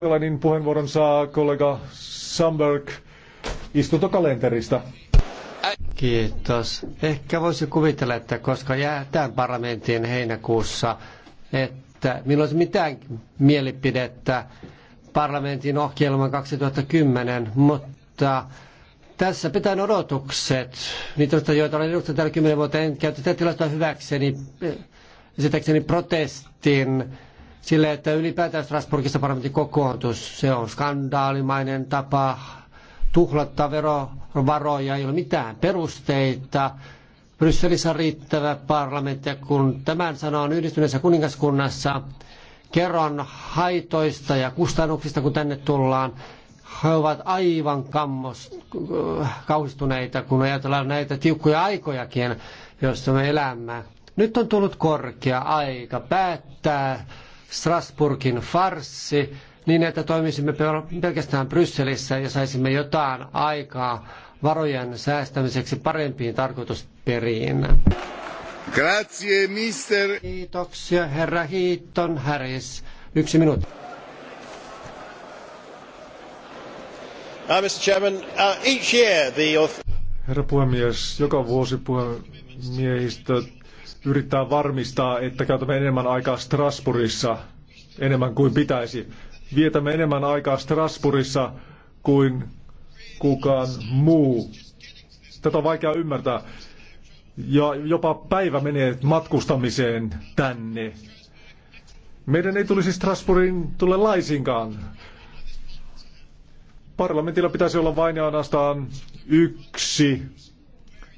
Kallelanin puheenvuoron saa kollega Samberg istuntokalenterista. Kiitos. Ehkä voisi kuvitella, että koska jäätään parlamentin heinäkuussa, että minulla olisi mitään mielipidettä parlamentin ohjelman 2010, mutta tässä pitää odotukset, niitä, joita olen edustanut täällä kymmenen vuotta, en käytä tätä tilastoa hyväkseni, esitäkseni protestin sille, että ylipäätään Strasbourgissa parlamentin kokoontus, se on skandaalimainen tapa tuhlata verovaroja, ei ole mitään perusteita. Brysselissä on riittävä parlamentti, kun tämän sanon yhdistyneessä kuningaskunnassa, kerron haitoista ja kustannuksista, kun tänne tullaan. He ovat aivan kammos, kauhistuneita, kun ajatellaan näitä tiukkoja aikojakin, joissa me elämme. Nyt on tullut korkea aika päättää Strasburgin farssi niin, että toimisimme pelkästään Brysselissä ja saisimme jotain aikaa varojen säästämiseksi parempiin tarkoitusperiin. Grazie, mister. Kiitoksia, herra Hiitton Harris. Yksi minuutti. Uh, Mr. Chairman, uh, each year the... Herra puhemies, joka vuosi puhemiehistö yrittää varmistaa, että käytämme enemmän aikaa Strasbourgissa enemmän kuin pitäisi. Vietämme enemmän aikaa Strasbourgissa kuin kukaan muu. Tätä on vaikea ymmärtää. Ja jopa päivä menee matkustamiseen tänne. Meidän ei tulisi Strasbourgin tulla laisinkaan. Parlamentilla pitäisi olla vain ja ainoastaan yksi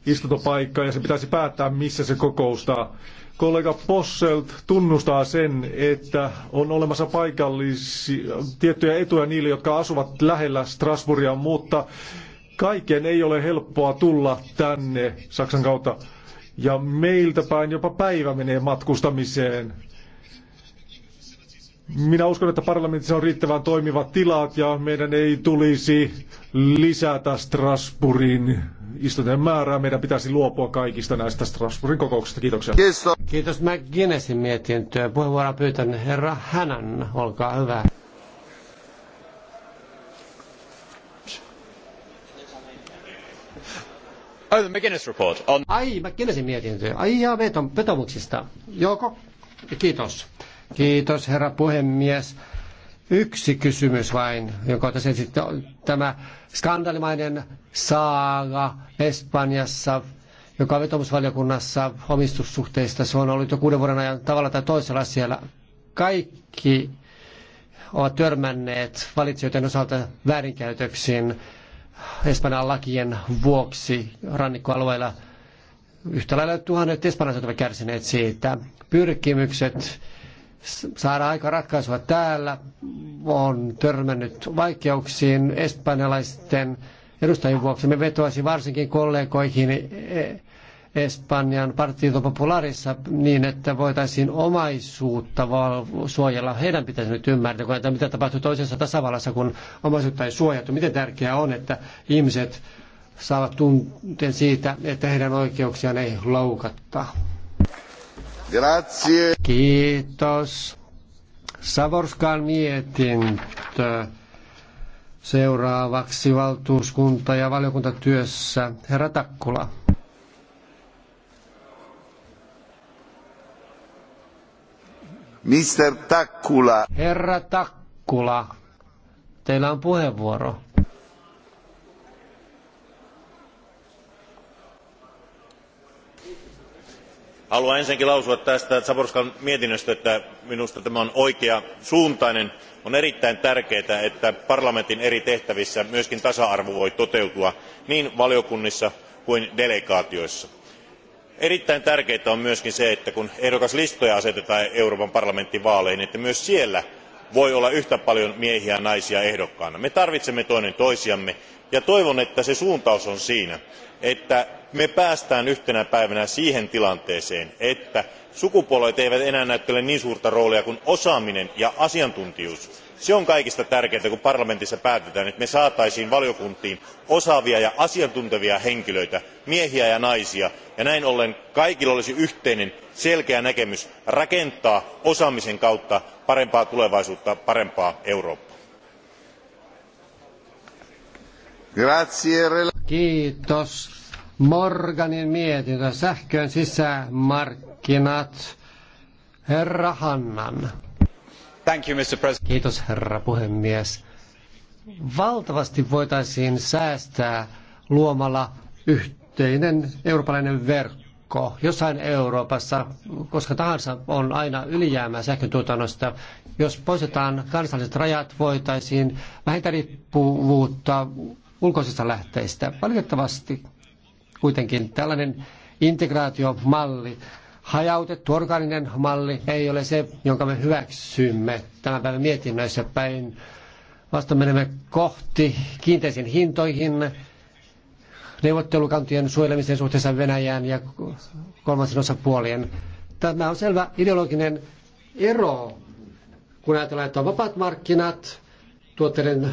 istuntopaikkaa ja se pitäisi päättää, missä se kokoustaa. Kollega Posselt tunnustaa sen, että on olemassa paikallisia tiettyjä etuja niille, jotka asuvat lähellä Strasburgia, mutta kaiken ei ole helppoa tulla tänne Saksan kautta. Ja meiltä päin jopa päivä menee matkustamiseen. Minä uskon, että parlamentissa on riittävän toimivat tilat ja meidän ei tulisi lisätä Strasbourgin istuntojen määrää. Meidän pitäisi luopua kaikista näistä Strasbourgin kokouksista. Kiitoksia. Kiitos. Kiitos McGinnessin mietintöä. Puheenvuoroa pyytän herra Hänän. Olkaa hyvä. Oh, the McGuinness report on... Ai, McGinnessin mietintö. Ai, ja veton, petomuksista. Joko? Kiitos. Kiitos, herra puhemies. Yksi kysymys vain, jonka tässä sitten tämä skandalimainen saaga Espanjassa, joka on vetomusvaliokunnassa omistussuhteista. Se on ollut jo kuuden vuoden ajan tavalla tai toisella siellä. Kaikki ovat törmänneet valitsijoiden osalta väärinkäytöksiin Espanjan lakien vuoksi rannikkoalueilla. Yhtä lailla tuhannet espanjalaiset ovat kärsineet siitä. Pyrkimykset saada aika ratkaisua täällä. On törmännyt vaikeuksiin espanjalaisten edustajien vuoksi. Me vetoaisin varsinkin kollegoihin e- Espanjan Partido Popularissa niin, että voitaisiin omaisuutta suojella. Heidän pitäisi nyt ymmärtää, kun että mitä tapahtui toisessa tasavallassa, kun omaisuutta ei suojattu. Miten tärkeää on, että ihmiset saavat tunteen siitä, että heidän oikeuksiaan ei loukatta. Grazie. Kiitos. Savorskan mietintö. Seuraavaksi valtuuskunta- ja valiokuntatyössä herra Takkula. Mr. Takkula. Herra Takkula, teillä on puheenvuoro. haluan ensinnäkin lausua tästä zborsan mietinnöstä että minusta tämä on oikean suuntainen. on erittäin tärkeää että parlamentin eri tehtävissä myös tasa arvo voi toteutua niin valiokunnissa kuin delegaatioissa. erittäin tärkeää on myös se että kun ehdokaslistoja asetetaan euroopan parlamentin vaaleihin että myös siellä voi olla yhtä paljon miehiä ja naisia ehdokkaina. me tarvitsemme toinen toisiamme ja toivon että se suuntaus on siinä että me pääsemme yhtenä päivänä siihen tilanteeseen että sukupuolet eivät enää näyttele niin suurta roolia kuin osaaminen ja asiantuntijuus. se on kaikista tärkeintä kun parlamentissa päätetään että me saisimme valiokuntiin osaavia ja asiantuntevia henkilöitä miehiä ja naisia ja näin ollen kaikilla olisi yhteinen selkeä näkemys rakentaa osaamisen kautta parempaa tulevaisuutta parempaa eurooppaa. Morganin mietintö, sähkön sisämarkkinat, herra Hannan. Thank you, Mr. President. Kiitos, herra puhemies. Valtavasti voitaisiin säästää luomalla yhteinen eurooppalainen verkko. Jossain Euroopassa, koska tahansa on aina ylijäämää tuotannosta, jos poistetaan kansalliset rajat, voitaisiin vähentää riippuvuutta ulkoisista lähteistä. Valitettavasti kuitenkin tällainen integraatiomalli, hajautettu organinen malli ei ole se, jonka me hyväksymme tämän päivän mietinnöissä päin. Vasta menemme kohti kiinteisiin hintoihin, neuvottelukantien suojelemisen suhteessa Venäjään ja kolmansin osapuolien. Tämä on selvä ideologinen ero, kun ajatellaan, että on vapaat markkinat tuotteiden äh,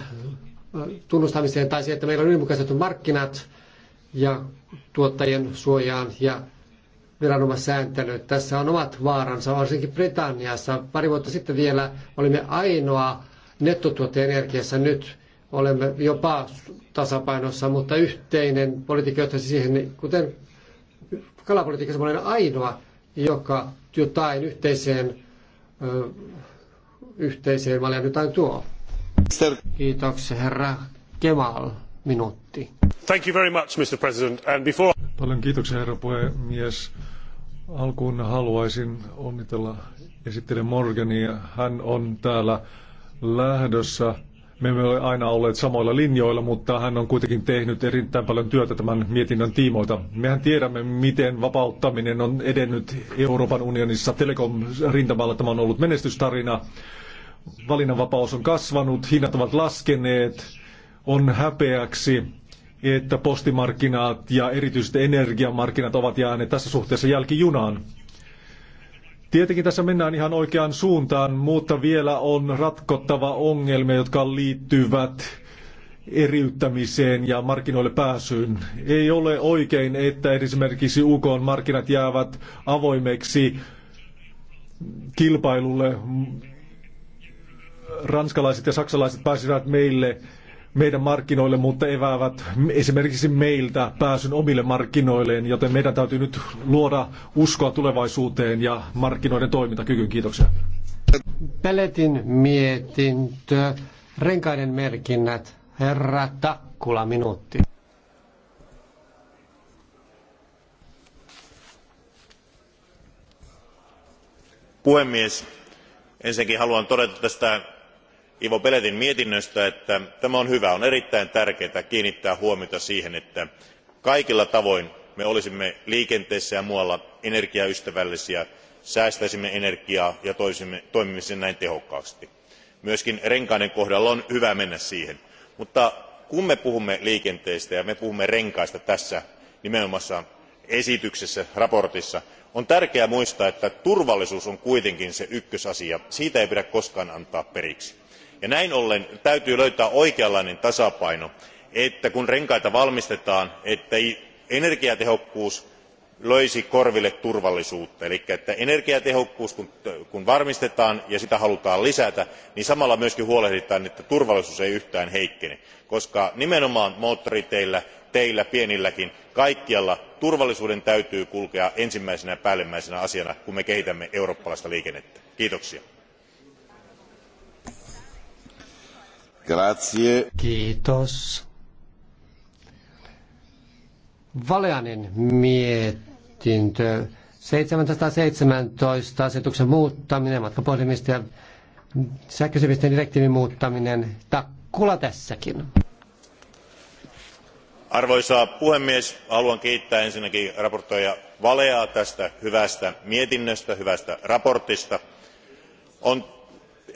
tunnustamiseen tai siihen, että meillä on ylimukaiset markkinat – ja tuottajien suojaan ja viranomaisääntely. Tässä on omat vaaransa, varsinkin Britanniassa. Pari vuotta sitten vielä olimme ainoa nettotuottaja energiassa. Nyt olemme jopa tasapainossa, mutta yhteinen politiikka johtaisi siihen, kuten kalapolitiikassa olen ainoa, joka jotain yhteiseen, ö, yhteiseen valjaan jotain tuo. Kiitoksia herra Kemal, minuutti. Paljon kiitoksia, herra puhemies. Alkuun haluaisin onnitella esittelijä Morgania. Hän on täällä lähdössä. Me emme ole aina olleet samoilla linjoilla, mutta hän on kuitenkin tehnyt erittäin paljon työtä tämän mietinnön tiimoilta. Mehän tiedämme, miten vapauttaminen on edennyt Euroopan unionissa. Telekom-rintamalla tämä on ollut menestystarina. Valinnanvapaus on kasvanut, hinnat ovat laskeneet, on häpeäksi että postimarkkinat ja erityisesti energiamarkkinat ovat jääneet tässä suhteessa jälkijunaan. Tietenkin tässä mennään ihan oikeaan suuntaan, mutta vielä on ratkottava ongelmia, jotka liittyvät eriyttämiseen ja markkinoille pääsyyn. Ei ole oikein, että esimerkiksi UK markkinat jäävät avoimeksi kilpailulle. Ranskalaiset ja saksalaiset pääsivät meille meidän markkinoille, mutta eväävät esimerkiksi meiltä pääsyn omille markkinoilleen, joten meidän täytyy nyt luoda uskoa tulevaisuuteen ja markkinoiden toimintakykyyn. Kiitoksia. Peletin mietintö, renkaiden merkinnät, herra Takkula minuutti. puhemies ensinnäkin haluan todeta tästä ivo beletin mietinnöstä että tämä on hyvä. on erittäin tärkeää kiinnittää huomiota siihen että kaikilla tavoin me olisimme liikenteessä ja muualla energiaystävällisiä säästäisimme energiaa ja toimisimme näin tehokkaasti. myös renkaiden kohdalla on hyvä mennä siihen mutta kun me puhumme liikenteestä ja me puhumme renkaista tässä nimenomaisessa esityksessä mietinnössä on tärkeää muistaa että turvallisuus on kuitenkin se ykkösasia siitä ei pidä koskaan antaa periksi näin ollen täytyy löytää oikeanlainen tasapaino että kun renkaita valmistetaan ettei energiatehokkuus löisi korville turvallisuutta eli että energiatehokkuus kun varmistetaan ja sitä halutaan lisätä niin samalla myös huolehditaan että turvallisuus ei yhtään heikkene koska nimenomaan moottoriteillä teillä pienilläkin kaikkialla turvallisuuden täytyy kulkea ensimmäisenä päällimmäisenä asiana kun me kehitämme eurooppalaista liikennettä. kiitoksia. Grazie. Kiitos. Valeanin mietintö 717 asetuksen muuttaminen, matkapuhelimista ja sähköisivisten direktiivin muuttaminen. Takkula tässäkin. Arvoisa puhemies, haluan kiittää ensinnäkin raportoija Valeaa tästä hyvästä mietinnöstä, hyvästä raportista. On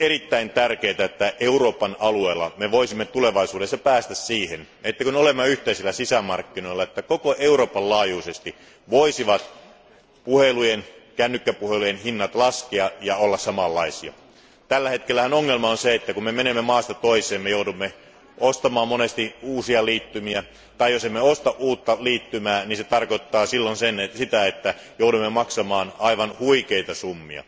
erittäin tärkeää että euroopan alueella me voisimme tulevaisuudessa päästä siihen että kun olemme yhteisillä sisämarkkinoilla koko euroopan laajuisesti voisivat kännykkäpuhelujen hinnat laskea ja olla samanlaisia. tällä hetkellähän ongelma on se että kun me menemme maasta toiseen me joudumme ostamaan monesti uusia liittymiä tai jos emme osta uutta liittymää niin se tarkoittaa silloin sitä että joudumme maksamaan aivan huikeita summia.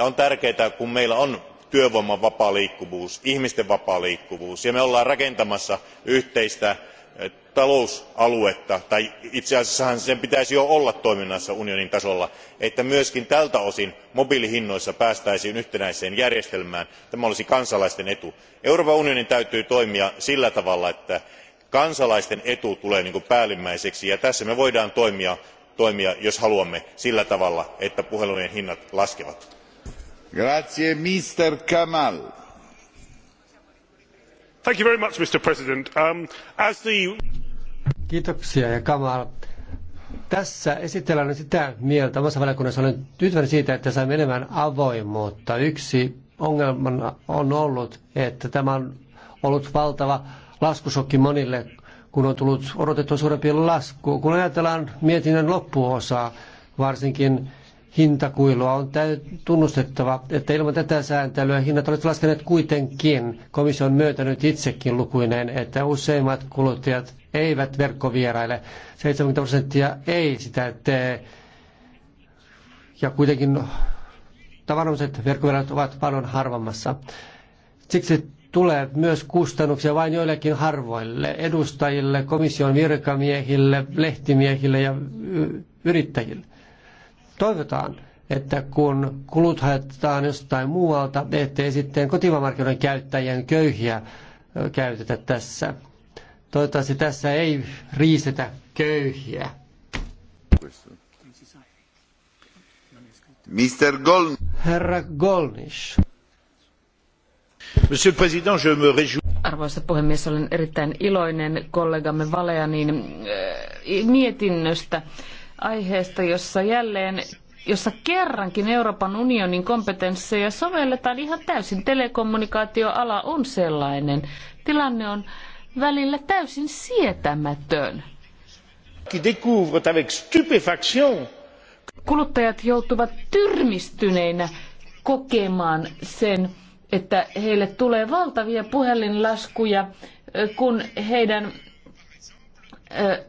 on tärkeää että kun meillä on työvoiman vapaa liikkuvuus ihmisten vapaa liikkuvuus ja me olemme rakentamassa yhteistä eh, talousaluetta tai itse asiassahan sen pitäisi jo olla toiminnassa unionin tasolla että myös tältä osin mobiilihinnoissa päästäisiin yhtenäiseen järjestelmään. tämä olisi kansalaisten etu. euroopan unionin täytyy toimia sillä tavalla että kansalaisten etu tulee niin päällimmäiseksi ja tässä me voimme toimia jos haluamme sillä tavalla että puhelujen hinnat laskevat. Mr. President. Um, as the... Kiitoksia ja Kamal. Tässä esitellään sitä mieltä omassa valiokunnassa. Olen tyytyväinen siitä, että saimme enemmän avoimuutta. Yksi ongelma on ollut, että tämä on ollut valtava laskusokki monille, kun on tullut odotettua suurempi lasku. Kun ajatellaan mietinnön loppuosaa, varsinkin hintakuilua. On tunnustettava, että ilman tätä sääntelyä hinnat olisivat laskeneet kuitenkin. Komissio on myöntänyt itsekin lukuinen, että useimmat kuluttajat eivät verkkovieraille. 70 prosenttia ei sitä tee. Ja kuitenkin tavanomaiset verkkovierailut ovat paljon harvammassa. Siksi tulee myös kustannuksia vain joillekin harvoille, edustajille, komission virkamiehille, lehtimiehille ja yrittäjille. Toivotaan, että kun kulut haetaan jostain muualta, ettei sitten kotimaanmarkkinoiden käyttäjien köyhiä käytetä tässä. Toivottavasti tässä ei riistetä köyhiä. Mr. Gol... Herra Golnish. Monsieur le Président, je me réjouis arvoisa puhemies, olen erittäin iloinen kollegamme Valeanin mietinnöstä aiheesta, jossa jälleen jossa kerrankin Euroopan unionin kompetensseja sovelletaan ihan täysin. Telekommunikaatioala on sellainen. Tilanne on välillä täysin sietämätön. Kuluttajat joutuvat tyrmistyneinä kokemaan sen, että heille tulee valtavia puhelinlaskuja, kun heidän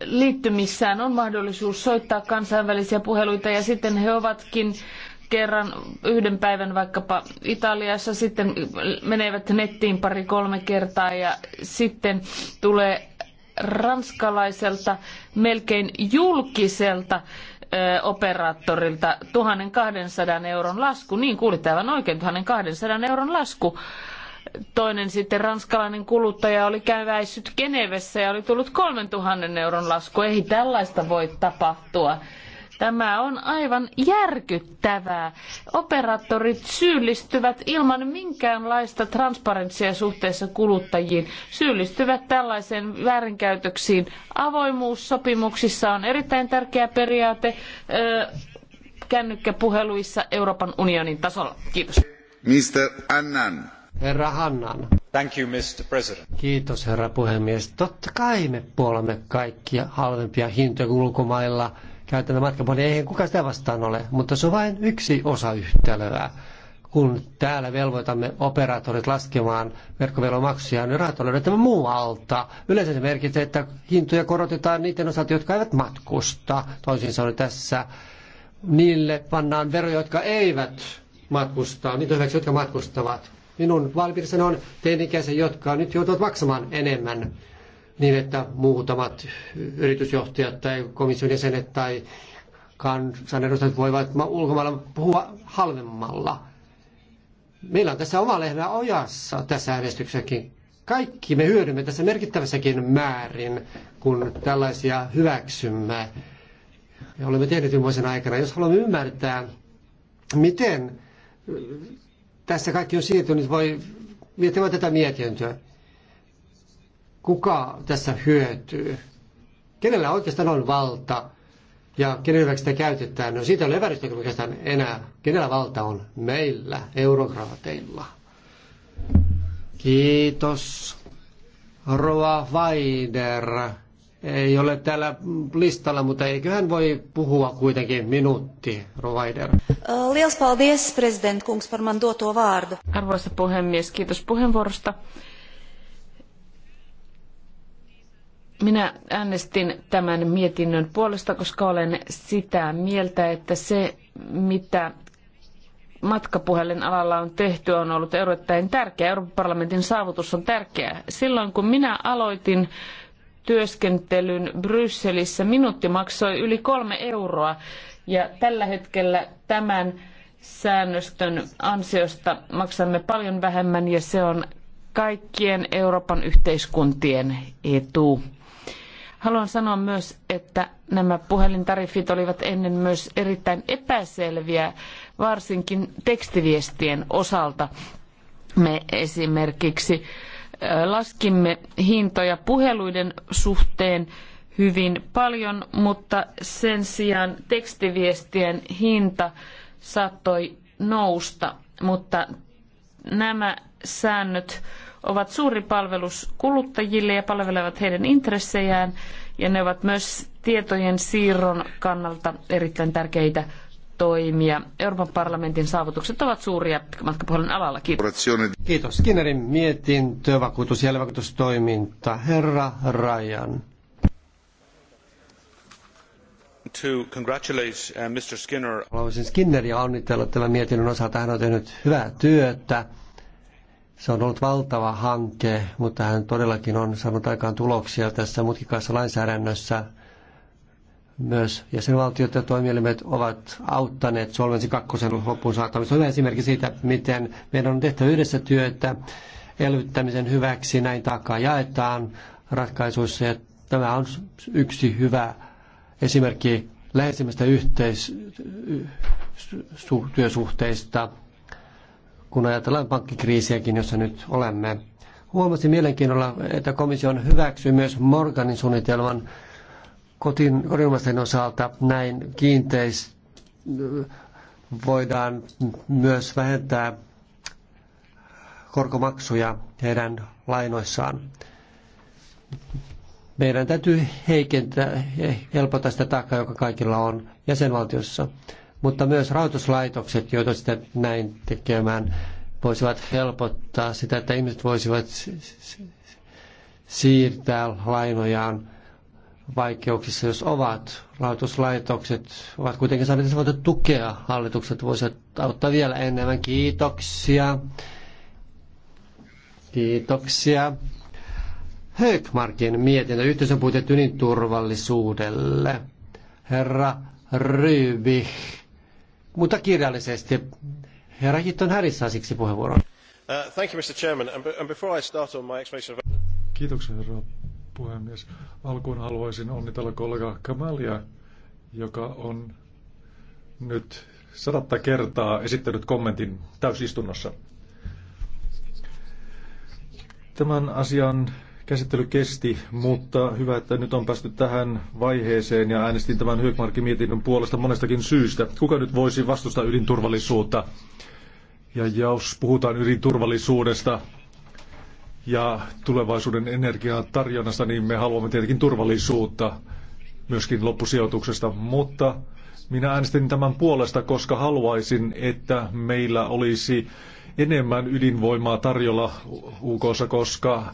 liittymissään on mahdollisuus soittaa kansainvälisiä puheluita ja sitten he ovatkin kerran yhden päivän vaikkapa Italiassa, sitten menevät nettiin pari-kolme kertaa ja sitten tulee ranskalaiselta melkein julkiselta operaattorilta 1200 euron lasku. Niin kuulitte aivan oikein, 1200 euron lasku. Toinen sitten ranskalainen kuluttaja oli käväissyt Genevessä ja oli tullut 3000 euron lasku. Ei tällaista voi tapahtua. Tämä on aivan järkyttävää. Operaattorit syyllistyvät ilman minkäänlaista transparenssia suhteessa kuluttajiin. Syyllistyvät tällaiseen väärinkäytöksiin. Avoimuussopimuksissa on erittäin tärkeä periaate ö, kännykkäpuheluissa Euroopan unionin tasolla. Kiitos. Mr. Annan. Herra Hannan. Thank you, Mr. President. Kiitos, herra puhemies. Totta kai me puolemme kaikkia halvempia hintoja kuin ulkomailla. Käytämme matkapuolia, eihän kukaan sitä vastaan ole, mutta se on vain yksi osa yhtälöä. Kun täällä velvoitamme operaattorit laskemaan verkkovelomaksuja, niin rahat on löydettävä muualta. Yleensä se merkitsee, että hintoja korotetaan niiden osalta, jotka eivät matkusta. Toisin sanoen tässä niille pannaan veroja, jotka eivät matkustaa, niitä hyväksi, jotka matkustavat. Minun vaalipiirissäni on teinikäisiä, jotka nyt joutuvat maksamaan enemmän niin, että muutamat yritysjohtajat tai komission jäsenet tai kansanedustajat voivat ulkomailla puhua halvemmalla. Meillä on tässä oma lehdä ojassa tässä äänestyksessäkin. Kaikki me hyödymme tässä merkittävässäkin määrin, kun tällaisia hyväksymme. Ja olemme tehneet viime vuosien aikana, jos haluamme ymmärtää, miten tässä kaikki on siirtynyt niin voi miettimään tätä mietintöä. Kuka tässä hyötyy? Kenellä oikeastaan on valta ja kenen hyväksi sitä käytetään? No siitä ei ole oikeastaan enää. Kenellä valta on? Meillä, eurokraateilla. Kiitos. Rova Weider ei ole täällä listalla, mutta eiköhän voi puhua kuitenkin minuutti, Rovider. Äh, liels paldies, president Kungs, man doto Arvoisa puhemies, kiitos puheenvuorosta. Minä äänestin tämän mietinnön puolesta, koska olen sitä mieltä, että se, mitä matkapuhelin alalla on tehty, on ollut erittäin tärkeä. Euroopan parlamentin saavutus on tärkeä. Silloin kun minä aloitin työskentelyn Brysselissä. Minuutti maksoi yli kolme euroa ja tällä hetkellä tämän säännöstön ansiosta maksamme paljon vähemmän ja se on kaikkien Euroopan yhteiskuntien etu. Haluan sanoa myös, että nämä puhelintariffit olivat ennen myös erittäin epäselviä, varsinkin tekstiviestien osalta. Me esimerkiksi laskimme hintoja puheluiden suhteen hyvin paljon, mutta sen sijaan tekstiviestien hinta saattoi nousta, mutta nämä säännöt ovat suuri palvelus kuluttajille ja palvelevat heidän intressejään ja ne ovat myös tietojen siirron kannalta erittäin tärkeitä toimia. Euroopan parlamentin saavutukset ovat suuria matkapuhelun alalla. Kiitos. Kiitos. Skinnerin mietintö, vakuutus- ja vakuutustoiminta. Herra Rajan. To congratulate uh, Mr. Skinner. Haluaisin Skinneria onnitella tämän mietinnön osalta. Hän on tehnyt hyvää työtä. Se on ollut valtava hanke, mutta hän todellakin on saanut aikaan tuloksia tässä mutkikassa lainsäädännössä myös jäsenvaltiot ja toimielimet ovat auttaneet Solvensi 2. loppuun saattamista. Hyvä esimerkki siitä, miten meidän on tehtävä yhdessä työtä elvyttämisen hyväksi. Näin taakkaa jaetaan ratkaisuissa ja tämä on yksi hyvä esimerkki läheisimmästä yhteistyösuhteista, kun ajatellaan pankkikriisiäkin, jossa nyt olemme. Huomasin mielenkiinnolla, että komissio hyväksyi myös Morganin suunnitelman kotin, kodinomaisten osalta näin kiinteis voidaan myös vähentää korkomaksuja heidän lainoissaan. Meidän täytyy heikentää, helpottaa sitä taakkaa, joka kaikilla on jäsenvaltiossa. Mutta myös rahoituslaitokset, joita sitä näin tekemään, voisivat helpottaa sitä, että ihmiset voisivat siirtää lainojaan vaikeuksissa, jos ovat. Rahoituslaitokset ovat kuitenkin saaneet sellaista tukea. Hallitukset voisivat auttaa vielä enemmän. Kiitoksia. Kiitoksia. Högmarkin mietintö yhteisön puitteet turvallisuudelle. Herra Ryby. Mutta kirjallisesti. Herra Hitton Häris saa siksi puheenvuoron. Uh, thank you, Mr. Chairman. and before I start on my explanation of... Kiitoksia, herra puhemies. Alkuun haluaisin onnitella kollega Kamalia, joka on nyt sadatta kertaa esittänyt kommentin täysistunnossa. Tämän asian käsittely kesti, mutta hyvä, että nyt on päästy tähän vaiheeseen ja äänestin tämän Hyökmarkin mietinnön puolesta monestakin syystä. Kuka nyt voisi vastustaa ydinturvallisuutta? Ja jos puhutaan ydinturvallisuudesta, ja tulevaisuuden energian tarjonnasta, niin me haluamme tietenkin turvallisuutta myöskin loppusijoituksesta, mutta minä äänestin tämän puolesta, koska haluaisin, että meillä olisi enemmän ydinvoimaa tarjolla UKssa, koska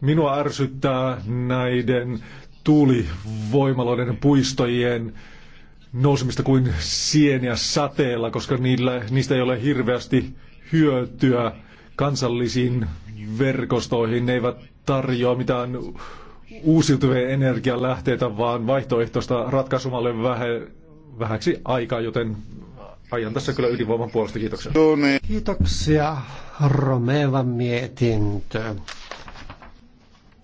minua ärsyttää näiden tuulivoimaloiden puistojen nousemista kuin sieniä sateella, koska niillä, niistä ei ole hirveästi hyötyä kansallisiin verkostoihin. Ne eivät tarjoa mitään uusiutuvia energialähteitä, vaan vaihtoehtoista ratkaisumalle vähe, vähäksi aikaa, joten ajan tässä kyllä ydinvoiman puolesta. Kiitoksia. Kiitoksia. Romeva mietintö.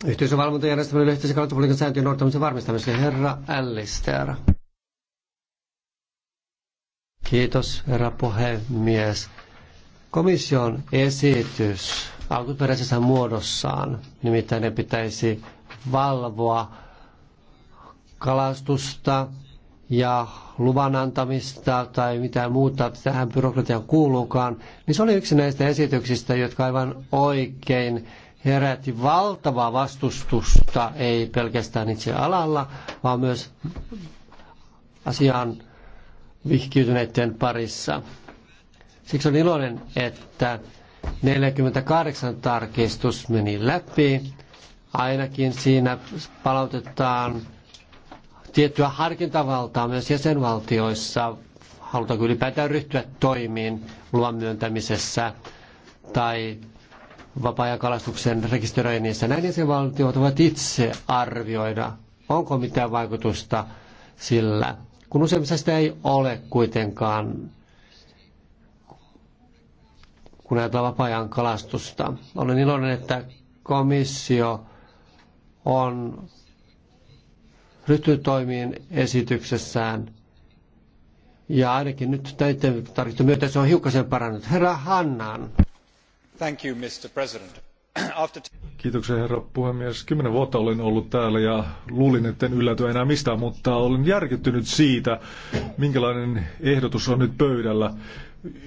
Yhteisön valvontajärjestelmän yhteisen kalattopolitiikan sääntöjen noudattamisen varmistamiseksi herra Allister. Kiitos, herra puhemies. Komission esitys alkuperäisessä muodossaan, nimittäin ne pitäisi valvoa kalastusta ja luvan antamista tai mitään muuta tähän byrokratian kuuluukaan, niin se oli yksi näistä esityksistä, jotka aivan oikein herätti valtavaa vastustusta, ei pelkästään itse alalla, vaan myös asiaan vihkiytyneiden parissa. Siksi on iloinen, että 48 tarkistus meni läpi. Ainakin siinä palautetaan tiettyä harkintavaltaa myös jäsenvaltioissa, halutaanko ylipäätään ryhtyä toimiin luvan myöntämisessä tai vapaa kalastuksen rekisteröinnissä. Näin jäsenvaltiot voivat itse arvioida, onko mitään vaikutusta sillä, kun useimmissa sitä ei ole kuitenkaan kun ajatellaan vapaa-ajan kalastusta. Olen iloinen, että komissio on ryhtynyt toimiin esityksessään. Ja ainakin nyt näiden tarkistuksen myötä se on hiukkasen parannut. Herra Hannan. Thank you, Mr. President. After... Kiitoksia herra puhemies. Kymmenen vuotta olen ollut täällä ja luulin, etten ylläty enää mistään, mutta olen järkyttynyt siitä, minkälainen ehdotus on nyt pöydällä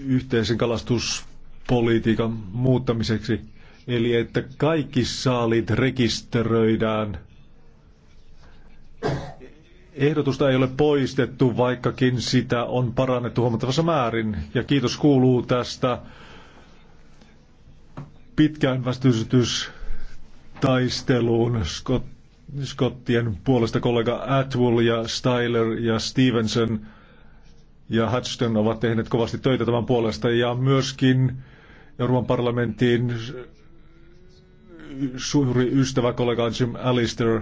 yhteisen kalastus politiikan muuttamiseksi. Eli että kaikki saalit rekisteröidään. Ehdotusta ei ole poistettu, vaikkakin sitä on parannettu huomattavassa määrin. Ja kiitos kuuluu tästä pitkään taisteluun Scott, Scottien puolesta kollega Atwell ja Styler ja Stevenson ja Hudson ovat tehneet kovasti töitä tämän puolesta ja myöskin Euroopan parlamenttiin suuri ystävä kollega Jim Alistair.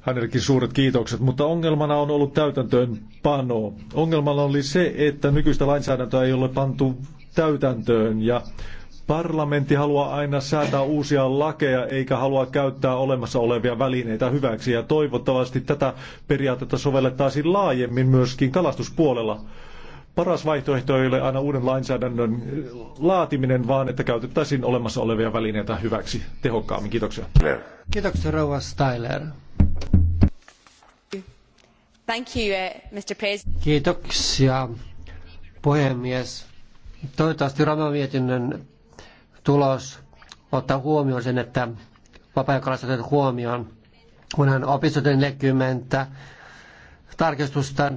Hänellekin suuret kiitokset, mutta ongelmana on ollut täytäntöön pano. Ongelmana oli se, että nykyistä lainsäädäntöä ei ole pantu täytäntöön ja parlamentti haluaa aina säätää uusia lakeja eikä halua käyttää olemassa olevia välineitä hyväksi ja toivottavasti tätä periaatetta sovellettaisiin laajemmin myöskin kalastuspuolella paras vaihtoehto ei ole aina uuden lainsäädännön laatiminen, vaan että käytettäisiin olemassa olevia välineitä hyväksi tehokkaammin. Kiitoksia. Kiitoksia rouva Styler. Thank you, uh, Mr. President. Kiitoksia, puhemies. Toivottavasti Rama-mietinnön tulos ottaa huomioon sen, että vapaa-ajankalastajat huomioon, kunhan opistot 40 tarkistusta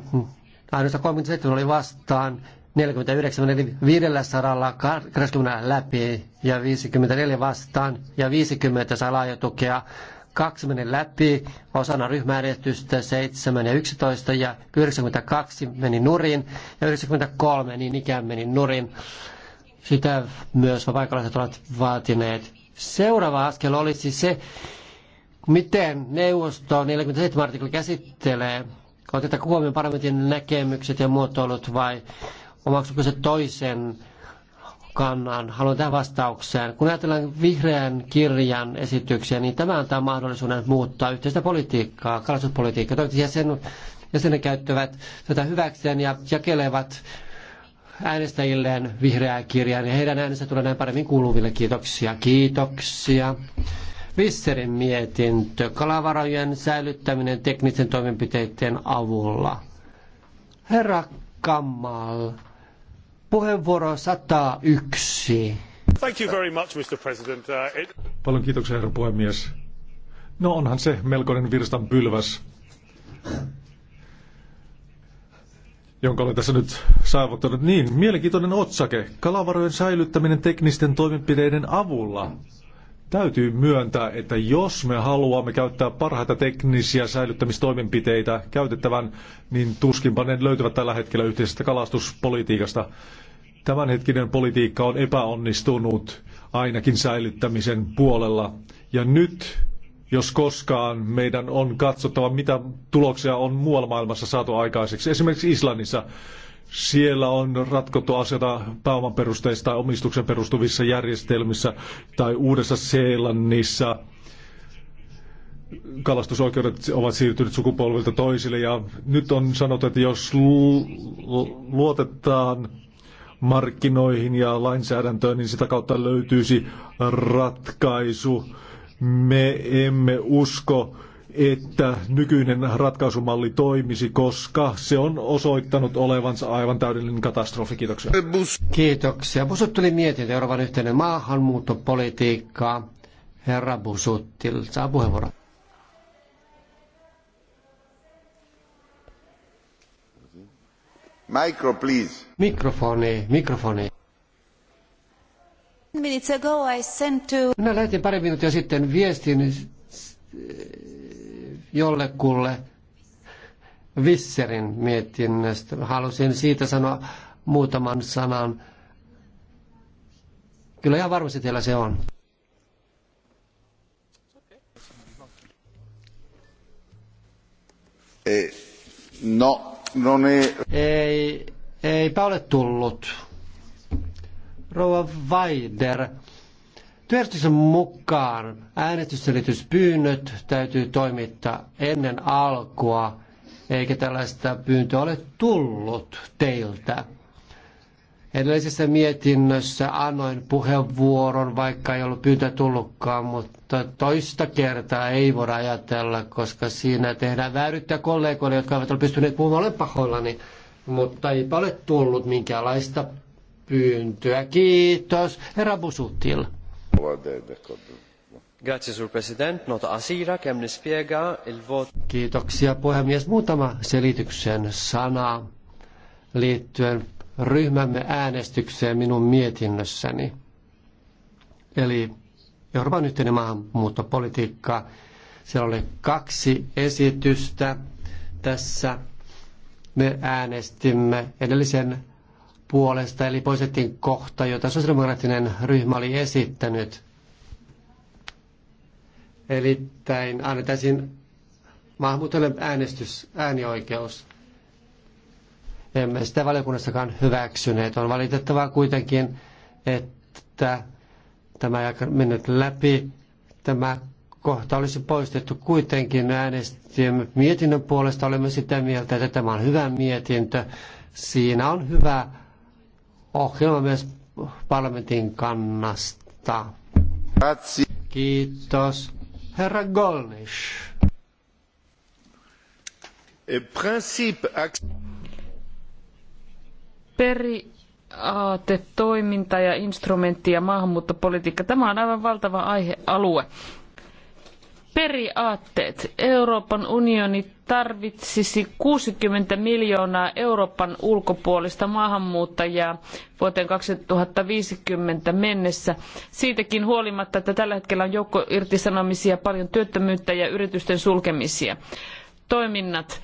Ainoastaan 37 oli vastaan, 49 eli 580 läpi ja 54 vastaan ja 50 sai laajatukea. Kaksi meni läpi osana ryhmäärjestystä 7 ja 11 ja 92 meni nurin ja 93 niin ikään meni nurin. Sitä myös paikalliset ovat vaatineet. Seuraava askel olisi se, miten neuvosto 47 artikla käsittelee otetaanko huomioon parlamentin näkemykset ja muotoilut vai omaksuuko se toisen kannan? Haluan tähän vastaukseen. Kun ajatellaan vihreän kirjan esityksiä, niin tämä antaa mahdollisuuden muuttaa yhteistä politiikkaa, kalastuspolitiikkaa. Toivottavasti jäsen, jäsenet käyttävät tätä hyväkseen ja jakelevat äänestäjilleen vihreää kirjaa, niin heidän äänensä tulee näin paremmin kuuluville. Kiitoksia, kiitoksia. Visserin mietintö, kalavarojen säilyttäminen teknisten toimenpiteiden avulla. Herra Kammal, puheenvuoro 101. Thank you very much, Mr. President. Uh, it... Paljon kiitoksia, herra puhemies. No onhan se melkoinen virstan pylväs, jonka olen tässä nyt saavuttanut. Niin, mielenkiintoinen otsake. Kalavarojen säilyttäminen teknisten toimenpiteiden avulla. Täytyy myöntää, että jos me haluamme käyttää parhaita teknisiä säilyttämistoimenpiteitä käytettävän, niin tuskinpa ne löytyvät tällä hetkellä yhteisestä kalastuspolitiikasta. Tämänhetkinen politiikka on epäonnistunut ainakin säilyttämisen puolella. Ja nyt, jos koskaan, meidän on katsottava, mitä tuloksia on muualla maailmassa saatu aikaiseksi. Esimerkiksi Islannissa siellä on ratkottu asioita pääomaperusteista tai omistuksen perustuvissa järjestelmissä tai Uudessa Seelannissa. Kalastusoikeudet ovat siirtyneet sukupolvilta toisille ja nyt on sanottu, että jos luotetaan markkinoihin ja lainsäädäntöön, niin sitä kautta löytyisi ratkaisu. Me emme usko että nykyinen ratkaisumalli toimisi, koska se on osoittanut olevansa aivan täydellinen katastrofi. Kiitoksia. Kiitoksia. Busuttuli mietintö, Euroopan yhteinen maahanmuuttopolitiikka. Herra Busuttil, saa puheenvuoron. Micro, please. Mikrofoni, mikrofoni. Minutes ago I sent to... Minä lähetin pari minuuttia sitten viestin jollekulle Visserin mietinnöstä. Halusin siitä sanoa muutaman sanan. Kyllä ihan varmasti teillä se on. E, no, no niin. Ei, eipä ole tullut. Rouva Weider Työjärjestyksen mukaan äänestysselityspyynnöt täytyy toimittaa ennen alkua, eikä tällaista pyyntöä ole tullut teiltä. Edellisessä mietinnössä annoin puheenvuoron, vaikka ei ollut pyytä tullutkaan, mutta toista kertaa ei voida ajatella, koska siinä tehdään vääryyttä kollegoille, jotka eivät ole pystyneet puhumaan, olen pahoillani, mutta ei ole tullut minkäänlaista pyyntöä. Kiitos, herra Busutil. Kiitoksia puhemies. Muutama selityksen sana liittyen ryhmämme äänestykseen minun mietinnössäni. Eli Euroopan yhteinen maahanmuuttopolitiikka. Siellä oli kaksi esitystä. Tässä me äänestimme edellisen puolesta, eli poistettiin kohta, jota sosiaalidemokraattinen ryhmä oli esittänyt. Eli tämän annettaisiin maahanmuuttajille äänestys, äänioikeus. Emme sitä valiokunnassakaan hyväksyneet. On valitettavaa kuitenkin, että tämä ei mennyt läpi. Tämä kohta olisi poistettu kuitenkin äänestin mietinnön puolesta. Olemme sitä mieltä, että tämä on hyvä mietintö. Siinä on hyvä ohjelma myös parlamentin kannasta. Kiitos. Herra Golnish. Eh, Periaate, toiminta ja instrumentti ja maahanmuuttopolitiikka. Tämä on aivan valtava aihealue periaatteet. Euroopan unioni tarvitsisi 60 miljoonaa Euroopan ulkopuolista maahanmuuttajaa vuoteen 2050 mennessä. Siitäkin huolimatta, että tällä hetkellä on joukko irtisanomisia, paljon työttömyyttä ja yritysten sulkemisia. Toiminnat.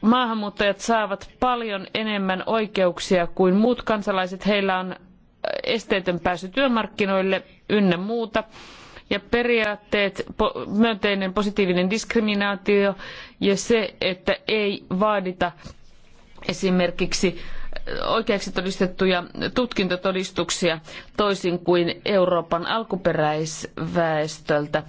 Maahanmuuttajat saavat paljon enemmän oikeuksia kuin muut kansalaiset. Heillä on esteetön pääsy työmarkkinoille ynnä muuta ja periaatteet, myönteinen positiivinen diskriminaatio ja se, että ei vaadita esimerkiksi oikeaksi todistettuja tutkintotodistuksia toisin kuin Euroopan alkuperäisväestöltä.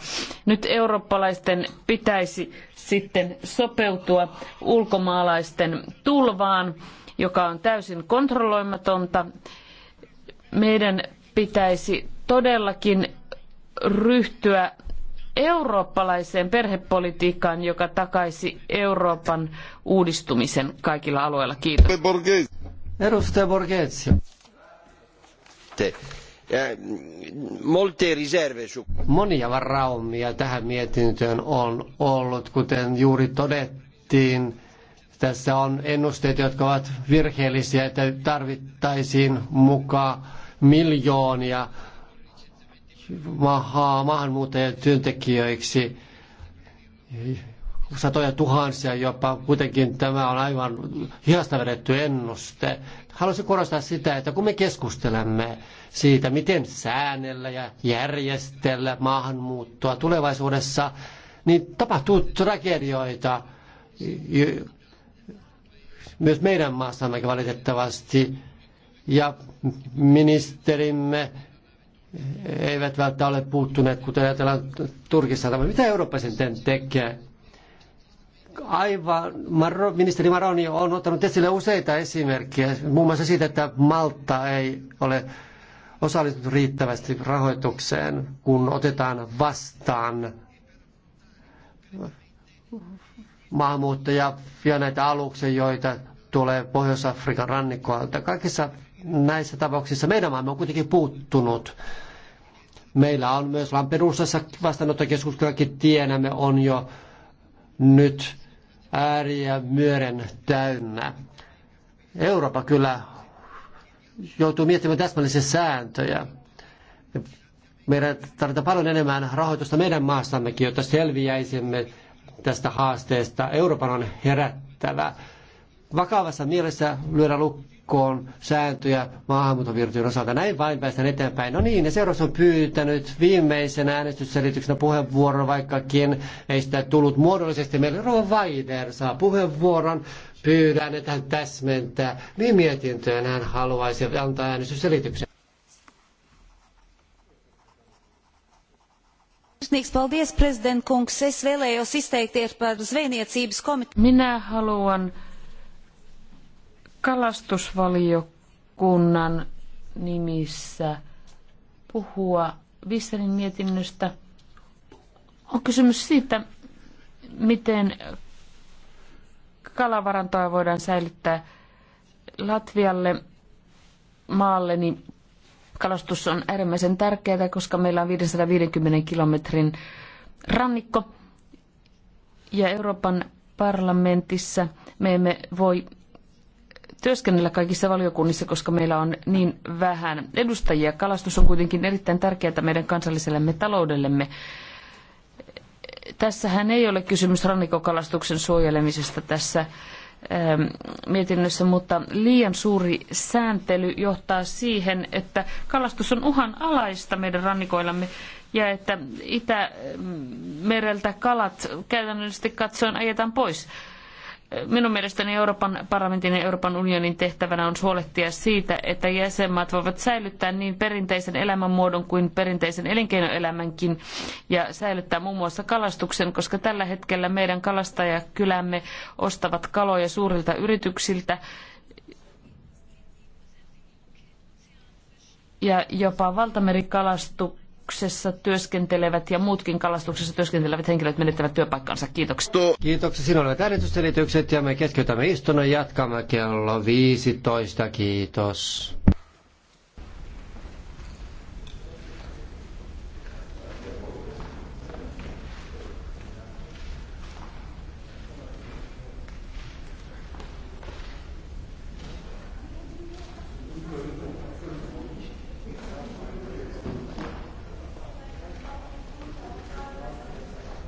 Nyt eurooppalaisten pitäisi sitten sopeutua ulkomaalaisten tulvaan, joka on täysin kontrolloimatonta. Meidän pitäisi todellakin ryhtyä eurooppalaiseen perhepolitiikkaan, joka takaisi Euroopan uudistumisen kaikilla alueilla. Kiitos. Edustaja Borghezio. Eh, Monia varaumia tähän mietintöön on ollut, kuten juuri todettiin. Tässä on ennusteet, jotka ovat virheellisiä, että tarvittaisiin mukaan miljoonia maahan, maahanmuuttajien työntekijöiksi, satoja tuhansia jopa. Kuitenkin tämä on aivan hihasta vedetty ennuste. Haluaisin korostaa sitä, että kun me keskustelemme siitä, miten säännellä ja järjestellä maahanmuuttoa tulevaisuudessa, niin tapahtuu tragedioita myös meidän maassamme valitettavasti. Ja ministerimme eivät välttämättä ole puuttuneet, kuten ajatellaan Turkissa. Mitä Eurooppa sitten tekee? Aivan, Marro, ministeri Maroni on ottanut esille useita esimerkkejä, muun muassa siitä, että Malta ei ole osallistunut riittävästi rahoitukseen, kun otetaan vastaan maahanmuuttajia ja näitä aluksia, joita tulee Pohjois-Afrikan rannikkoalta. Kaikissa näissä tapauksissa meidän maamme on kuitenkin puuttunut. Meillä on myös Lampedusassa vastaanottokeskus, kylläkin tiedämme, on jo nyt ääriä myören täynnä. Eurooppa kyllä joutuu miettimään täsmällisiä sääntöjä. Meidän tarvitaan paljon enemmän rahoitusta meidän maastammekin, jotta selviäisimme tästä haasteesta. Euroopan on herättävä. Vakavassa mielessä lyödä lukkoon lukkoon sääntöjä maahanmuuttovirtojen osalta. Näin vain päästään eteenpäin. No niin, ja seuraavaksi on pyytänyt viimeisen äänestysselityksenä puheenvuoron, vaikkakin ei sitä tullut muodollisesti. Meillä Rova Weider saa puheenvuoron. Pyydän, että hän täsmentää, mihin mietintöön hän haluaisi antaa äänestysselityksen. Minä haluan kalastusvaliokunnan nimissä puhua Visserin mietinnöstä. On kysymys siitä, miten kalavarantoa voidaan säilyttää Latvialle maalle, niin kalastus on äärimmäisen tärkeää, koska meillä on 550 kilometrin rannikko. Ja Euroopan parlamentissa me emme voi työskennellä kaikissa valiokunnissa, koska meillä on niin vähän edustajia. Kalastus on kuitenkin erittäin tärkeää meidän kansallisellemme taloudellemme. Tässähän ei ole kysymys rannikokalastuksen suojelemisesta tässä ähm, mietinnössä, mutta liian suuri sääntely johtaa siihen, että kalastus on uhanalaista meidän rannikoillamme ja että Itämereltä kalat käytännöllisesti katsoen ajetaan pois. Minun mielestäni Euroopan parlamentin ja Euroopan unionin tehtävänä on huolehtia siitä, että jäsenmaat voivat säilyttää niin perinteisen elämänmuodon kuin perinteisen elinkeinoelämänkin ja säilyttää muun muassa kalastuksen, koska tällä hetkellä meidän kalastajakylämme ostavat kaloja suurilta yrityksiltä ja jopa valtamerikalastu kalastuksessa työskentelevät ja muutkin kalastuksessa työskentelevät henkilöt menettävät työpaikkansa. Kiitoksia. Kiitoksia. sinulle olivat äänestysselitykset ja me keskeytämme istunnon. Jatkamme kello 15. Kiitos.